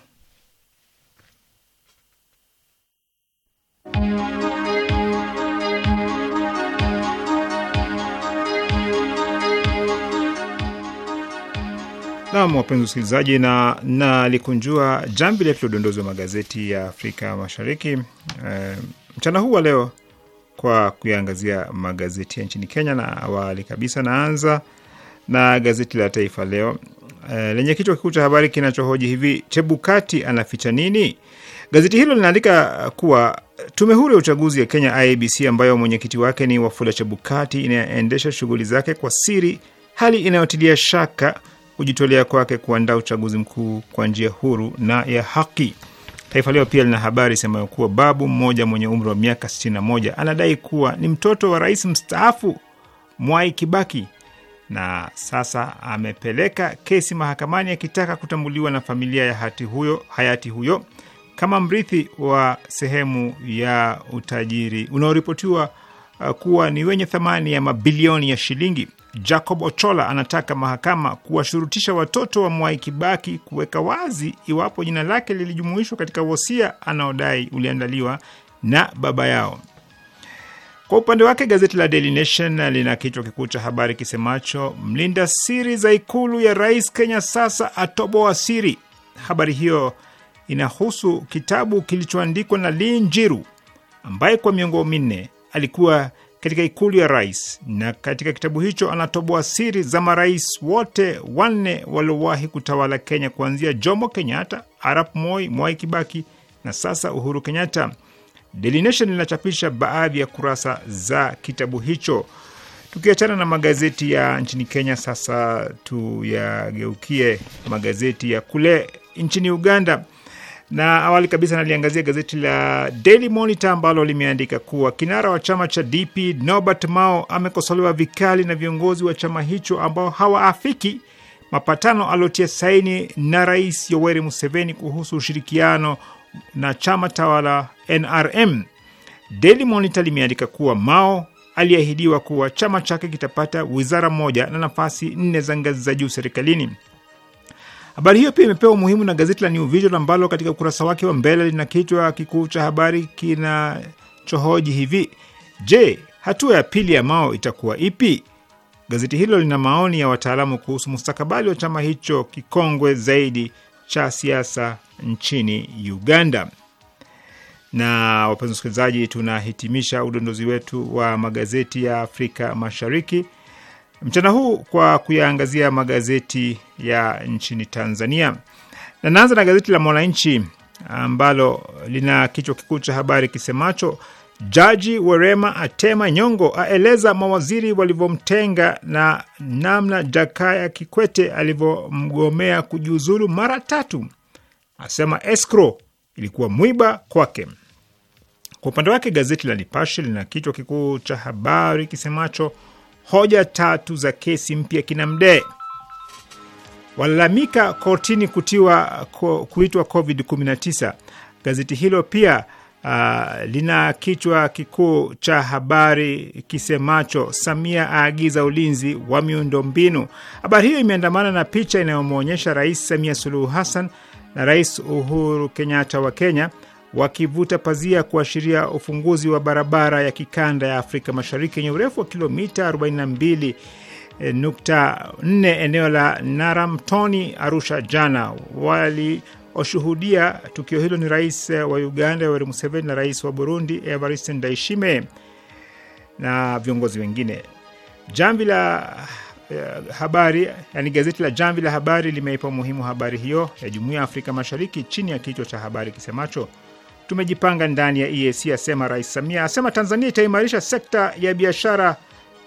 Nam, wapenzi wasikilizaji, na nalikunjua jambi letu la udondozi wa magazeti ya Afrika Mashariki e, mchana huu wa leo kwa kuyangazia magazeti ya nchini Kenya, na awali kabisa naanza na gazeti la Taifa Leo e, lenye kichwa kikuu cha habari kinachohoji hivi, Chebukati anaficha nini? Gazeti hilo linaandika kuwa tume huru ya uchaguzi ya Kenya IEBC, ambayo mwenyekiti wake ni Wafula Chebukati, inaendesha shughuli zake kwa siri, hali inayotilia shaka kujitolea kwake kuandaa uchaguzi mkuu kwa njia huru na ya haki. Taifa Leo pia lina habari semayo kuwa babu mmoja mwenye umri wa miaka 61 anadai kuwa ni mtoto wa rais mstaafu Mwai Kibaki na sasa amepeleka kesi mahakamani akitaka kutambuliwa na familia ya hati huyo, hayati huyo kama mrithi wa sehemu ya utajiri unaoripotiwa uh, kuwa ni wenye thamani ya mabilioni ya shilingi. Jacob Ochola anataka mahakama kuwashurutisha watoto wa Mwai Kibaki kuweka wazi iwapo jina lake lilijumuishwa katika wosia anaodai uliandaliwa na baba yao. Kwa upande wake gazeti la Daily Nation lina kichwa kikuu cha habari kisemacho mlinda siri za ikulu ya rais Kenya sasa atoboa siri. Habari hiyo inahusu kitabu kilichoandikwa na Lee Njiru ambaye kwa miongo minne alikuwa katika ikulu ya rais, na katika kitabu hicho anatoboa siri za marais wote wanne waliowahi kutawala Kenya, kuanzia Jomo Kenyatta, Arap Moi, Mwai Kibaki na sasa Uhuru Kenyatta. Daily Nation linachapisha baadhi ya kurasa za kitabu hicho. Tukiachana na magazeti ya nchini Kenya, sasa tuyageukie magazeti ya kule nchini Uganda. Na awali kabisa naliangazia gazeti la Daily Monitor ambalo limeandika kuwa kinara wa chama cha DP Norbert Mao amekosolewa vikali na viongozi wa chama hicho ambao hawaafiki mapatano aliotia saini na Rais Yoweri Museveni kuhusu ushirikiano na chama tawala NRM. Daily Monitor limeandika kuwa Mao aliahidiwa kuwa chama chake kitapata wizara moja na nafasi nne za ngazi za juu serikalini. Habari hiyo pia imepewa umuhimu na gazeti la New Vision ambalo katika ukurasa wake wa mbele lina kichwa kikuu cha habari kinachohoji hivi: Je, hatua ya pili ya Mao itakuwa ipi? Gazeti hilo lina maoni ya wataalamu kuhusu mustakabali wa chama hicho kikongwe zaidi cha siasa nchini Uganda. Na wapenzi wasikilizaji, tunahitimisha udondozi wetu wa magazeti ya Afrika Mashariki mchana huu kwa kuyaangazia magazeti ya nchini Tanzania, na naanza na gazeti la Mwananchi ambalo lina kichwa kikuu cha habari kisemacho Jaji Werema atema nyongo, aeleza mawaziri walivyomtenga na namna Jakaya Kikwete alivyomgomea kujiuzulu mara tatu, asema escrow ilikuwa mwiba kwake. Kwa upande wake, gazeti la Nipashe lina kichwa kikuu cha habari kisemacho hoja tatu za kesi mpya kinamdee walalamika kortini kutiwa kuitwa COVID-19. Gazeti hilo pia uh, lina kichwa kikuu cha habari kisemacho Samia aagiza ulinzi wa miundombinu. Habari hiyo imeandamana na picha inayomwonyesha Rais Samia Suluhu Hassan na Rais Uhuru Kenyatta wa Kenya wakivuta pazia kuashiria ufunguzi wa barabara ya kikanda ya Afrika Mashariki yenye urefu wa kilomita 42 eh, nukta 4 eneo la Naramtoni, Arusha jana. Walioshuhudia tukio hilo ni rais eh, wa Uganda Yoweri Museveni na rais wa Burundi Evariste Ndayishimiye na viongozi wengine. Jamvi la eh, habari yani, gazeti la Jamvi la Habari limeipa umuhimu habari hiyo ya Jumuiya ya Afrika Mashariki chini ya kichwa cha habari kisemacho tumejipanga ndani ya EAC, asema Rais Samia. Asema Tanzania itaimarisha sekta ya biashara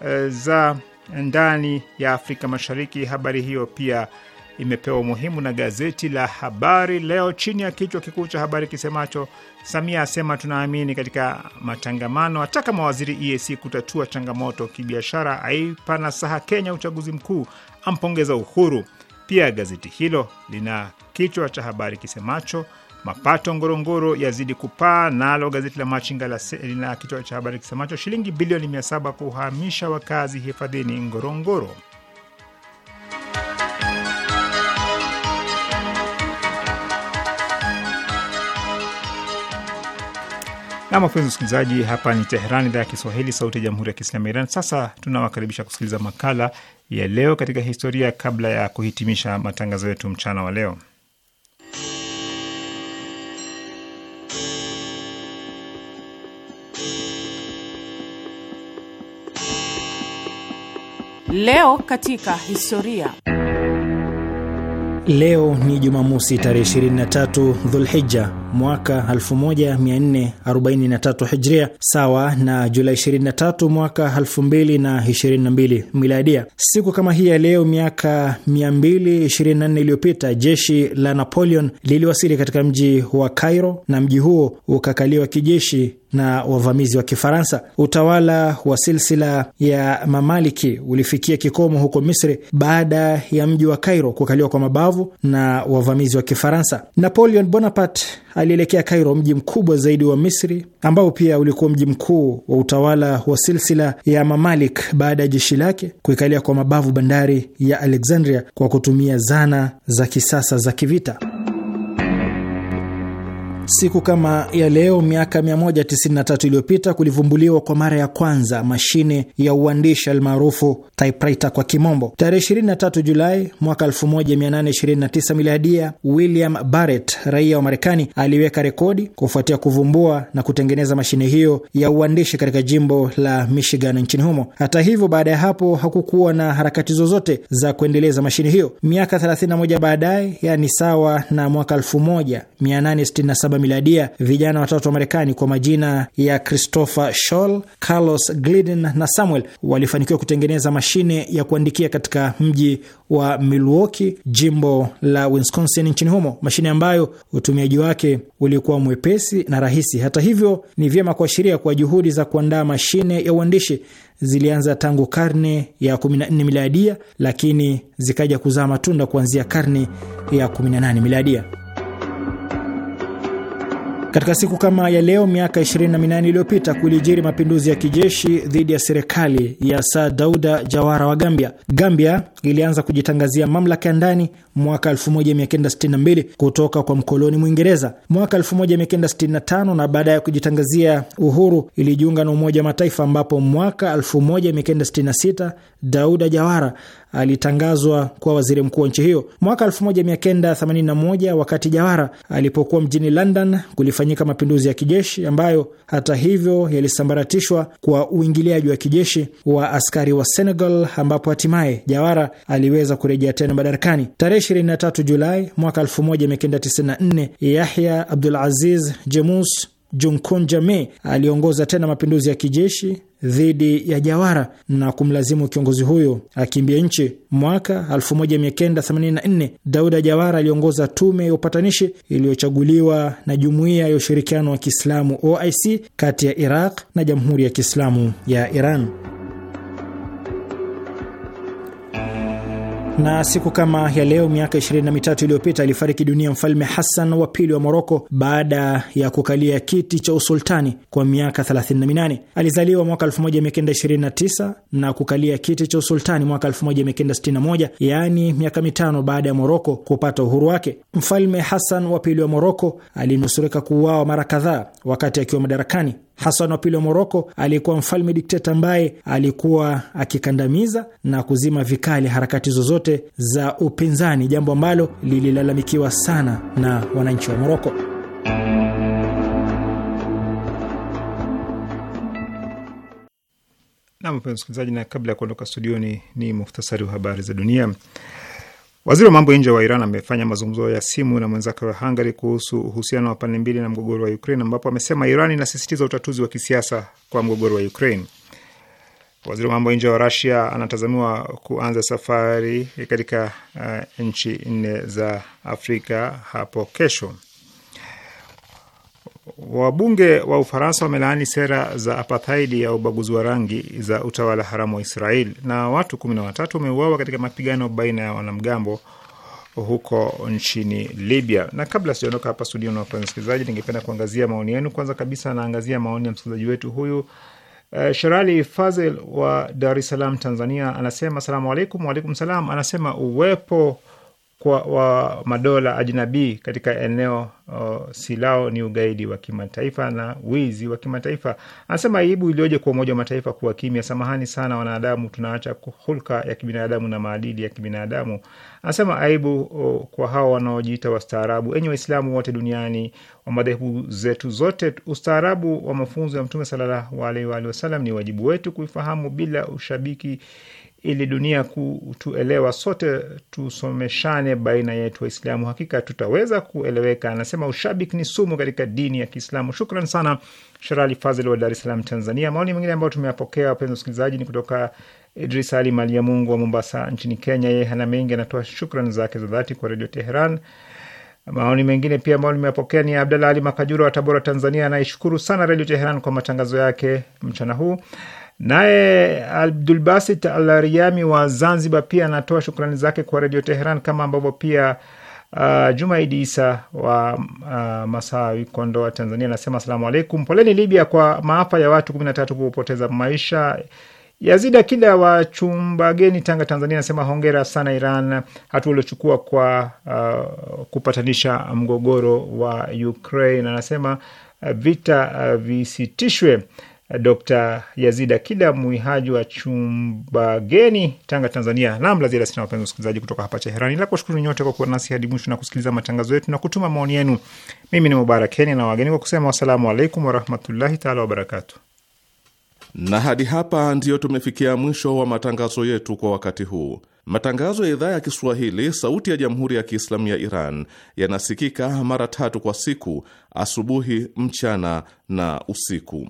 uh, za ndani ya Afrika Mashariki. Habari hiyo pia imepewa umuhimu na gazeti la Habari Leo chini ya kichwa kikuu cha habari kisemacho Samia asema tunaamini katika matangamano, ataka mawaziri EAC kutatua changamoto kibiashara, aipa nasaha Kenya uchaguzi mkuu, ampongeza Uhuru. Pia gazeti hilo lina kichwa cha habari kisemacho Mapato Ngorongoro yazidi kupaa. Nalo gazeti la Machinga la lina kichwa cha habari kisemacho shilingi bilioni mia saba kuhamisha wakazi hifadhini Ngorongoro. na mapenzi msikilizaji, hapa ni Teheran, idhaa ya Kiswahili, sauti ya jamhuri ya kiislamu ya Iran. Sasa tunawakaribisha kusikiliza makala ya leo katika historia, kabla ya kuhitimisha matangazo yetu mchana wa leo. Leo katika historia. Leo ni Jumamosi tarehe 23 Dhulhijja mwaka 1443 Hijria, sawa na Julai 23 mwaka 2022 Miladia. Siku kama hii ya leo miaka 224 iliyopita, jeshi la Napoleon liliwasili katika mji wa Cairo na mji huo ukakaliwa kijeshi na wavamizi wa Kifaransa. Utawala wa silsila ya Mamaliki ulifikia kikomo huko Misri baada ya mji wa Cairo kukaliwa kwa mabavu na wavamizi wa Kifaransa. Napoleon Bonaparte alielekea Kairo, mji mkubwa zaidi wa Misri, ambao pia ulikuwa mji mkuu wa utawala wa silsila ya Mamalik baada ya jeshi lake kuikalia kwa mabavu bandari ya Alexandria kwa kutumia zana za kisasa za kivita. Siku kama ya leo miaka 193 iliyopita kulivumbuliwa kwa mara ya kwanza mashine ya uandishi almaarufu typewriter kwa kimombo. Tarehe 23 Julai mwaka 1829 miliadia, William Barrett raia wa Marekani aliweka rekodi kufuatia kuvumbua na kutengeneza mashine hiyo ya uandishi katika jimbo la Michigan nchini humo. Hata hivyo, baada ya hapo hakukuwa na harakati zozote za kuendeleza mashine hiyo. Miaka 31 baadaye, yani sawa na mwaka 1867 1767 miladia, vijana watatu wa Marekani kwa majina ya Christopher Scholl, Carlos Glidden na Samuel walifanikiwa kutengeneza mashine ya kuandikia katika mji wa Milwaukee, jimbo la Wisconsin nchini humo, mashine ambayo utumiaji wake ulikuwa mwepesi na rahisi. Hata hivyo, ni vyema kuashiria kwa juhudi za kuandaa mashine ya uandishi zilianza tangu karne ya 14 miladia, lakini zikaja kuzaa matunda kuanzia karne ya 18 miladia. Katika siku kama ya leo miaka 28 iliyopita kulijiri mapinduzi ya kijeshi dhidi ya serikali ya Sa Dauda Jawara wa Gambia. Gambia ilianza kujitangazia mamlaka ya ndani mwaka 1962 kutoka kwa mkoloni Mwingereza. Mwaka 1965 na baada ya kujitangazia uhuru ilijiunga na Umoja wa Mataifa, ambapo mwaka 1966 Dauda Jawara alitangazwa kuwa waziri mkuu wa nchi hiyo mwaka 1981 wakati Jawara alipokuwa mjini London kulifanyika mapinduzi ya kijeshi ambayo hata hivyo yalisambaratishwa kwa uingiliaji wa kijeshi wa askari wa Senegal, ambapo hatimaye Jawara aliweza kurejea tena madarakani. Tarehe 23 Julai mwaka 1994 Yahya Abdul Aziz Jemus Junkun Jame aliongoza tena mapinduzi ya kijeshi dhidi ya Jawara na kumlazimu kiongozi huyo akimbia nchi. Mwaka 1984 Dauda Jawara aliongoza tume ya upatanishi iliyochaguliwa na Jumuiya ya Ushirikiano wa Kiislamu OIC kati ya Iraq na Jamhuri ya Kiislamu ya Iran. Na siku kama ya leo miaka 23 iliyopita alifariki dunia mfalme Hassan wa pili wa Moroko baada ya kukalia kiti cha usultani kwa miaka 38. Alizaliwa mwaka 1929 na kukalia kiti cha usultani mwaka 1961, yaani miaka mitano baada ya Moroko kupata uhuru wake. Mfalme Hassan wa pili wa Moroko alinusurika kuuawa mara kadhaa wakati akiwa madarakani hasan wa pili wa Moroko aliyekuwa mfalme dikteta ambaye alikuwa akikandamiza na kuzima vikali harakati zozote za upinzani, jambo ambalo lililalamikiwa sana na wananchi wa Moroko. Nam msikilizaji, na kabla ya kuondoka studioni ni, ni muhtasari wa habari za dunia. Waziri wa mambo ya nje wa Iran amefanya mazungumzo ya simu na mwenzake wa Hungary kuhusu uhusiano wa pande mbili na mgogoro wa Ukraine, ambapo amesema Iran inasisitiza utatuzi wa kisiasa kwa mgogoro wa Ukraine. Waziri wa mambo ya nje wa Rasia anatazamiwa kuanza safari katika uh, nchi nne za Afrika hapo kesho. Wabunge wa Ufaransa wamelaani sera za apathaidi ya ubaguzi wa rangi za utawala haramu wa Israel na watu kumi na watatu wameuawa katika mapigano baina ya wanamgambo huko nchini Libya. Na kabla sijaondoka hapa studio, na wapenzi wasikilizaji, ningependa kuangazia maoni yenu. Kwanza kabisa naangazia maoni ya msikilizaji wetu huyu Uh, Sherali Fazel wa Dar es Salaam, Tanzania anasema asalamu alaikum. Waalaikum salam. Anasema uwepo kwa wa madola ajnabii katika eneo o, silao ni ugaidi wa kimataifa na wizi wa kimataifa. Anasema aibu iliyoje kwa Umoja wa Mataifa kuwa kimya. Samahani sana wanadamu, tunaacha hulka ya kibinadamu na maadili ya kibinadamu. Anasema aibu o, kwa hao wanaojiita wastaarabu. Enyi Waislamu wote duniani wa madhehebu zetu zote, ustaarabu wa mafunzo ya Mtume sallallahu alaihi wa alihi wasallam ni wajibu wetu kuifahamu bila ushabiki ili dunia kutuelewa sote, tusomeshane baina yetu Waislamu, hakika tutaweza kueleweka. Anasema ushabiki ni sumu katika dini ya Kiislamu. Shukran sana Sherali Fazil wa Dar es Salaam, Tanzania. Maoni mengine ambayo tumeyapokea wapenzi wasikilizaji ni kutoka Idris Ali ya Mungu wa Mombasa nchini Kenya. Yeye hana mengi, anatoa shukran zake za dhati kwa Redio Teheran. Maoni mengine pia ambayo nimeyapokea ni Abdalla Ali Makajura wa Tabora, Tanzania. Anaishukuru sana Redio Teheran kwa matangazo yake mchana huu. Naye Abdulbasit Alariami wa Zanzibar pia anatoa shukrani zake kwa Redio Teheran, kama ambavyo pia uh, Jumaidi Isa wa uh, Masawi, Kondoa, Tanzania anasema asalamu alaikum. Poleni Libya kwa maafa ya watu kumi na tatu kupoteza maisha. Yazid Kida wa Chumbageni, Tanga, Tanzania anasema hongera sana Iran, hatua uliochukua kwa uh, kupatanisha mgogoro wa Ukraine. Anasema vita uh, visitishwe. Dr. Yazid Akida Mwihaji wa Chumbageni, Tanga, Tanzania. Naam, la ziada sina, wapenzi wasikilizaji, kutoka hapa Teherani, ila kuwashukuru nyote kwa kuwa nasi hadi mwisho na kusikiliza matangazo yetu na kutuma maoni yenu. Mimi ni Kenya na wageni kwa kusema wassalamu alaikum warahmatullahi taala wabarakatu. Na hadi hapa ndiyo tumefikia mwisho wa matangazo yetu kwa wakati huu. Matangazo ya idhaa ya Kiswahili sauti ya jamhuri ya Kiislamu ya Iran yanasikika mara tatu kwa siku: asubuhi, mchana na usiku